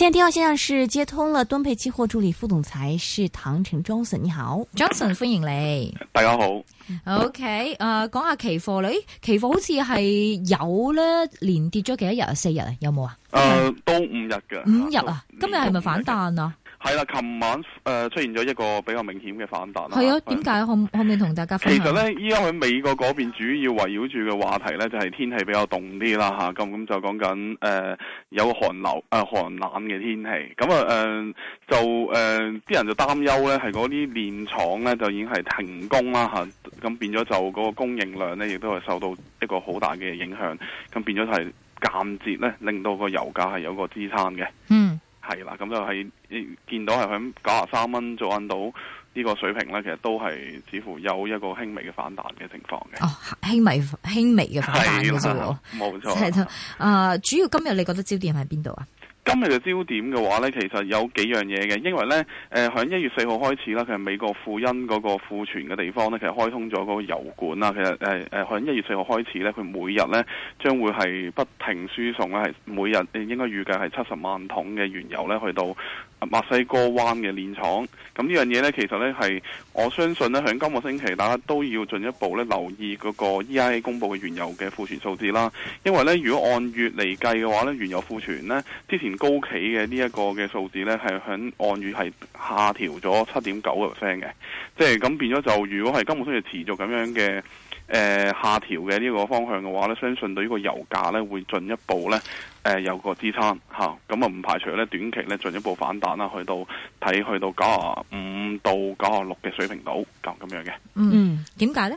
現在第二項是接通了敦沛期貨助理副總裁是唐成 Johnson 你好，Johnson，歡迎你，大家好，OK，誒、呃，講下期貨啦，期貨好似係有咧，連跌咗幾多日、呃、啊，四日啊，有冇啊？誒，都五日嘅，五日啊，今日係咪反彈啊？係啦，琴晚誒出現咗一個比較明顯嘅反彈。係啊，點解？可可唔可以同大家？其實咧，依家喺美國嗰邊主要圍繞住嘅話題咧，就係天氣比較凍啲啦嚇。咁咁就講緊誒有寒流、誒寒冷嘅天氣。咁啊誒就誒啲、呃呃、人就擔憂咧，係嗰啲煉廠咧就已經係停工啦嚇。咁變咗就嗰個供應量咧，亦都係受到一個好大嘅影響。咁變咗就係間接咧，令到個油價係有個支撐嘅。嗯。係啦，咁就喺見到係響九十三蚊做按到呢個水平咧，其實都係似乎有一個輕微嘅反彈嘅情況嘅。哦，輕微輕微嘅反彈冇錯。係咯，啊、就係呃，主要今日你覺得焦點喺邊度啊？今日嘅焦點嘅話咧，其實有幾樣嘢嘅，因為咧，誒響一月四號開始啦，其實美國庫欣嗰個庫存嘅地方咧，其實開通咗嗰個油管啦，其實誒誒響一月四號開始咧，佢每日咧將會係不停輸送咧，係每日應該預計係七十萬桶嘅原油咧去到墨西哥灣嘅煉廠，咁、嗯這個、呢樣嘢咧，其實咧係我相信咧，響今個星期大家都要進一步咧留意個個、e、EIA 公布嘅原油嘅庫存數字啦。因為咧，如果按月嚟計嘅話咧，原油庫存咧之前。高企嘅呢一個嘅數字呢，係響按月係下調咗七點九個 percent 嘅，即係咁變咗就如果係今個月持續咁樣嘅誒、呃、下調嘅呢個方向嘅話呢，相信對呢個油價呢，會進一步呢誒、呃、有個支撐吓，咁啊唔排除呢短期呢進一步反彈啦，去到睇去到九十五到九十六嘅水平度咁咁樣嘅。嗯，點解呢？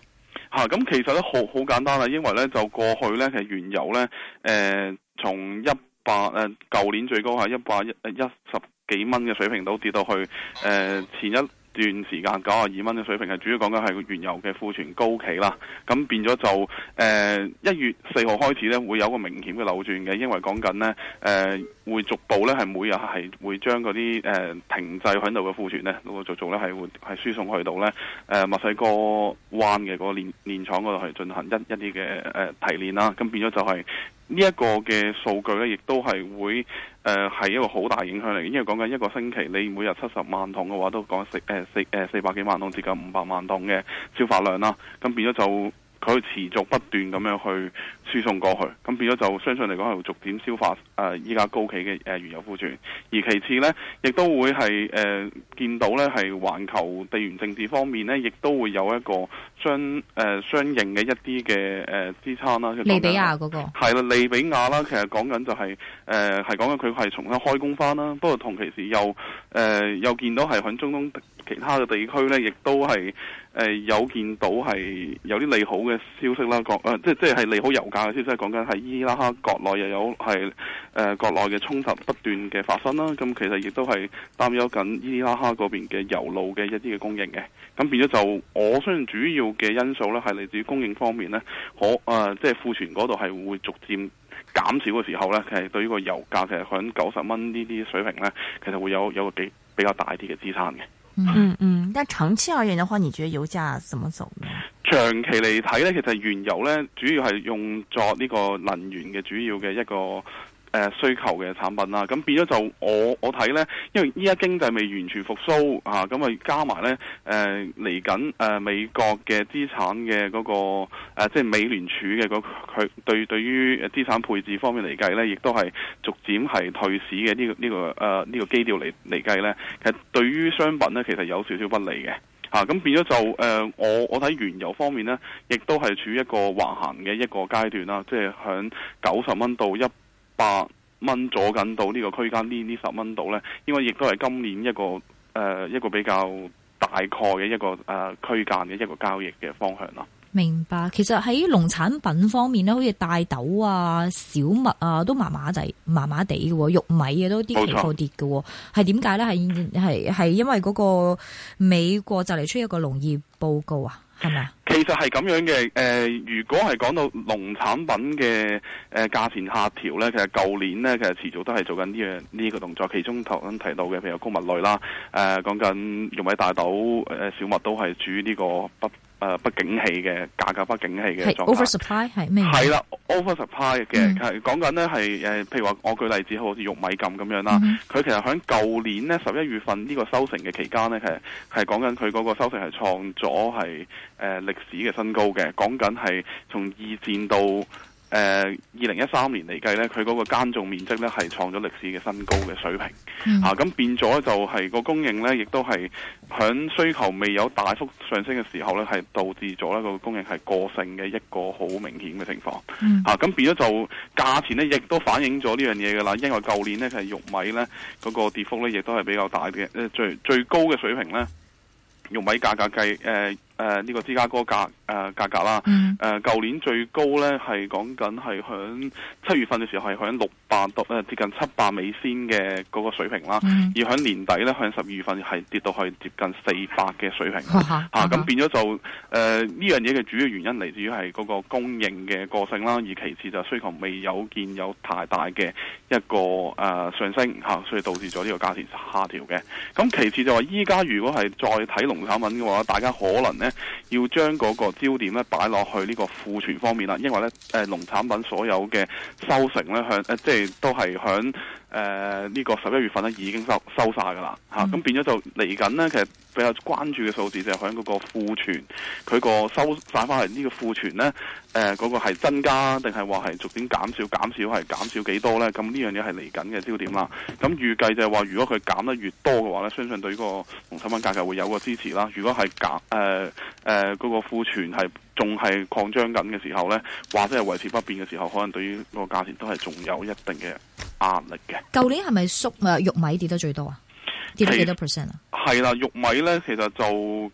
吓、啊，咁其實呢，好好簡單啦，因為呢就過去呢，其實原油呢，誒、呃、從一百誒舊年最高係一百一誒一十幾蚊嘅水平，都跌到去誒、呃、前一段時間九十二蚊嘅水平，係主要講緊係原油嘅庫存高企啦。咁變咗就誒一、呃、月四號開始咧，會有一個明顯嘅扭轉嘅，因為講緊呢，誒、呃、會逐步咧係每日係會將嗰啲誒停滯喺度嘅庫存咧，陸陸續續咧係會係輸送去到咧誒墨西哥灣嘅個煉、嗰個、煉、煉廠嗰度去進行一一啲嘅誒提煉啦。咁變咗就係、係。呢一個嘅數據咧，亦都係會誒係、呃、一個好大影響嚟。因為講緊一個星期，你每日七十萬桶嘅話，都講四誒、呃、四誒、呃、四百幾萬桶，接近五百萬桶嘅消化量啦，咁變咗就。佢持續不斷咁樣去輸送過去，咁變咗就相信嚟講係逐點消化誒依家高企嘅誒原油庫存。而其次呢亦都會係誒、呃、見到呢係環球地緣政治方面呢，亦都會有一個相誒、呃、相應嘅一啲嘅誒支撐啦。就是、利比亞嗰、那個係啦，利比亞啦，其實講緊就係誒係講緊佢係重新開工翻啦。不過同其時又誒、呃、又見到係喺中東其他嘅地區呢，亦都係。誒、呃、有見到係有啲利好嘅消息啦，講、呃、誒即係即係利好油價嘅消息，講緊係伊拉克國內又有係誒、呃、國內嘅衝突不斷嘅發生啦。咁、啊、其實亦都係擔憂緊伊拉克嗰邊嘅油路嘅一啲嘅供應嘅。咁、啊、變咗就我相信主要嘅因素咧係嚟自於供應方面咧，我誒、呃、即係庫存嗰度係會逐漸減少嘅時候咧，其實對於呢個油價其實喺九十蚊呢啲水平咧，其實會有有幾比，比較大啲嘅支撐嘅。嗯嗯，但長期而言的話，你覺得油價怎麼走呢？長期嚟睇咧，其實原油咧主要係用作呢個能源嘅主要嘅一個。誒、呃、需求嘅產品啦，咁、啊、變咗就我我睇呢，因為依家經濟未完全復甦啊，咁啊加埋呢誒嚟緊誒美國嘅資產嘅嗰、那個、啊、即係美聯儲嘅嗰佢對對於誒資產配置方面嚟計呢，亦都係逐漸係退市嘅呢、這個呢、這個誒呢、呃這個基調嚟嚟計呢。其實對於商品呢，其實有少少不利嘅嚇，咁、啊啊、變咗就誒、呃、我我睇原油方面呢，亦都係處於一個橫行嘅一個階段啦、啊，即係響九十蚊到一百蚊左緊到呢個區間，呢呢十蚊度咧，應該亦都係今年一個誒、呃、一個比較大概嘅一個誒區間嘅一個交易嘅方向啦。明白，其實喺農產品方面咧，好似大豆啊、小麥啊都麻麻地麻麻地嘅，玉米嘅都啲跌跌嘅，係點解咧？係係係因為嗰個美國就嚟出一個農業報告啊。係咪？其實係咁樣嘅，誒、呃，如果係講到農產品嘅誒價錢下調咧，其實舊年咧，其實遲早都係做緊呢樣呢個動作。其中頭提到嘅，譬如穀物類啦，誒、呃，講緊玉米大豆，誒、呃，小麥都係處於呢個不誒、呃、不景氣嘅價格不景氣嘅狀態。係 oversupply 係咩？係啦，oversupply 嘅係講緊咧係誒，譬、mm hmm. 呃、如話我舉例子好似玉米咁咁樣啦，佢、mm hmm. 其實喺舊年呢，十一月份呢個收成嘅期間其實係講緊佢嗰個收成係創咗係。誒、呃、歷史嘅新高嘅，講緊係從二戰到誒二零一三年嚟計呢，佢嗰個耕種面積呢係創咗歷史嘅新高嘅水平。嗯、啊，咁變咗就係個供應呢，亦都係響需求未有大幅上升嘅時候呢，係導致咗呢個供應係過剩嘅一個好明顯嘅情況。嗯、啊，咁變咗就價錢呢，亦都反映咗呢樣嘢嘅啦。因為舊年呢，佢係玉米呢，嗰、那個跌幅呢，亦都係比較大嘅，最最高嘅水平呢，玉米價格計誒。呃誒，呢、呃，這個芝加哥價誒，價格啦，誒舊、mm hmm. 呃、年最高咧，係講緊係響七月份嘅時候，係響六百到誒接近七百美仙嘅嗰個水平啦，mm hmm. 而響年底咧，響十二月份係跌到去接近四百嘅水平，吓咁、mm hmm. 啊、變咗就，誒呢樣嘢嘅主要原因嚟自於係嗰個供應嘅過剩啦，而其次就需求未有見有太大嘅一個誒、呃、上升吓、啊，所以導致咗呢個價錢下調嘅。咁其次就話依家如果係再睇農產品嘅話，大家可能。要將嗰個焦點咧擺落去呢個庫存方面啦，因為咧誒，農產品所有嘅收成咧向誒、呃，即係都係響。誒呢、呃這個十一月份咧已經收收曬㗎啦，嚇咁、嗯啊、變咗就嚟緊呢，其實比較關注嘅數字就係響嗰個庫存，佢個收晒翻嚟呢個庫存呢，誒、呃、嗰、那個係增加定係話係逐漸減少？減少係減少幾多少呢？咁呢樣嘢係嚟緊嘅焦點啦。咁預計就係話，如果佢減得越多嘅話呢，相信對、那個農產品價格會有個支持啦。如果係減誒誒嗰個庫存係仲係擴張緊嘅時候呢，或者係維持不變嘅時候，可能對於個價錢都係仲有一定嘅。壓力嘅，舊年係咪縮啊？玉米跌得最多啊？跌咗幾多 percent 啊？係啦，玉米咧其實就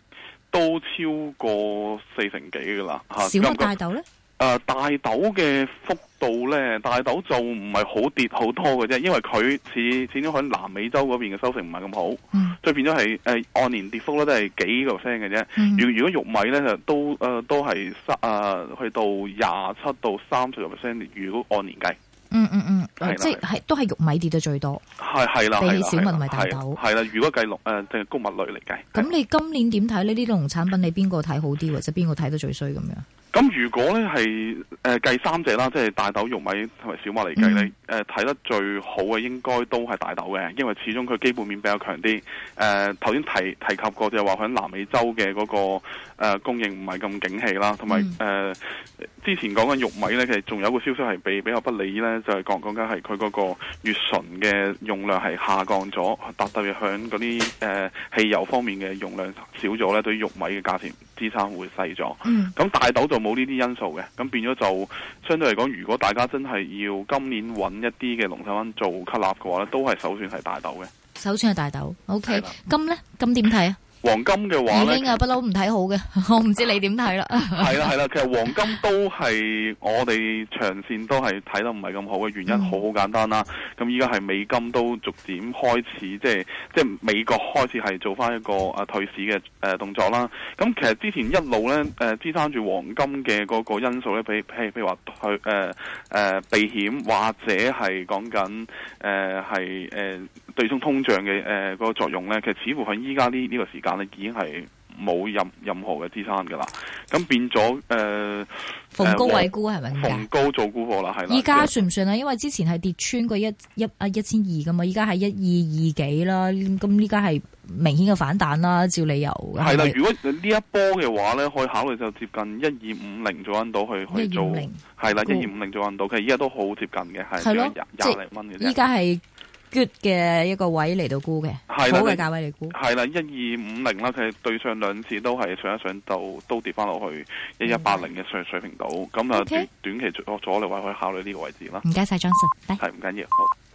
都超過四成幾噶啦吓。咁、啊、大豆咧？誒、啊，大豆嘅幅度咧，大豆就唔係好跌好多嘅啫，因為佢似始終喺南美洲嗰邊嘅收成唔係咁好，所以、嗯、變咗係誒按年跌幅咧都係幾個 percent 嘅啫。嗯嗯，如果如果玉米咧都誒、呃、都係三誒去到廿七到三十個 percent，如果按年計。嗯嗯嗯，即係都係玉米跌得最多，係係啦，比起小麥同埋大豆，係啦。如果計農誒，即係穀物類嚟計，咁你今年點睇呢啲農產品？你邊個睇好啲或者邊個睇得最衰咁樣？咁如果咧係誒計三隻啦，即係大豆、玉米同埋小麥嚟計咧，誒睇，嗯呃、得最好嘅應該都係大豆嘅，因為始終佢基本面比較強啲。誒頭先提提及過就係話喺南美洲嘅嗰、那個誒、呃、供應唔係咁景氣啦，同埋誒之前講緊玉米咧，其實仲有一個消息係比比較不利咧，就係講講緊係佢嗰個乙醇嘅用量係下降咗，特特別向嗰啲誒汽油方面嘅用量少咗咧，對玉米嘅價錢。支撐會細咗，咁、嗯、大豆就冇呢啲因素嘅，咁變咗就相對嚟講，如果大家真係要今年揾一啲嘅農產品，做吸納嘅話咧，都係首選係大豆嘅，首選係大豆。O K，金咧，金點睇啊？ 黃金嘅話咧，已經啊不嬲唔睇好嘅，我唔知你點睇啦。係啦係啦，其實黃金都係我哋長線都係睇得唔係咁好嘅原因，好好簡單啦。咁依家係美金都逐漸開始，即係即係美國開始係做翻一個誒、啊、退市嘅誒、啊、動作啦。咁、啊、其實之前一路咧誒支撐住黃金嘅嗰個因素咧，比譬如譬如話退誒誒避險或者係講緊誒係誒對沖通脹嘅誒個作用咧，其實似乎喺依家呢呢個時間。但係已經係冇任任何嘅支撐嘅啦，咁變咗誒，逢高位沽係咪先？逢高做沽貨啦，係啦。依家算唔算咧？因為之前係跌穿過一一一千二嘅嘛，依家係一二二幾啦，咁依家係明顯嘅反彈啦，照理由。係啦，如果呢一波嘅話咧，可以考慮就接近一二五零做揾到去去做，係啦，一二五零做揾到，其實依家都好接近嘅，係兩廿零蚊嘅啫。依家係。good 嘅一個位嚟到估嘅，的好嘅價位嚟估，係啦，一二五零啦，佢對上兩次都係上一上到都跌翻落去一一八零嘅水水平度，咁啊短期落咗，嚟話可以考慮呢個位置啦。唔該晒張信。係，唔緊要。好。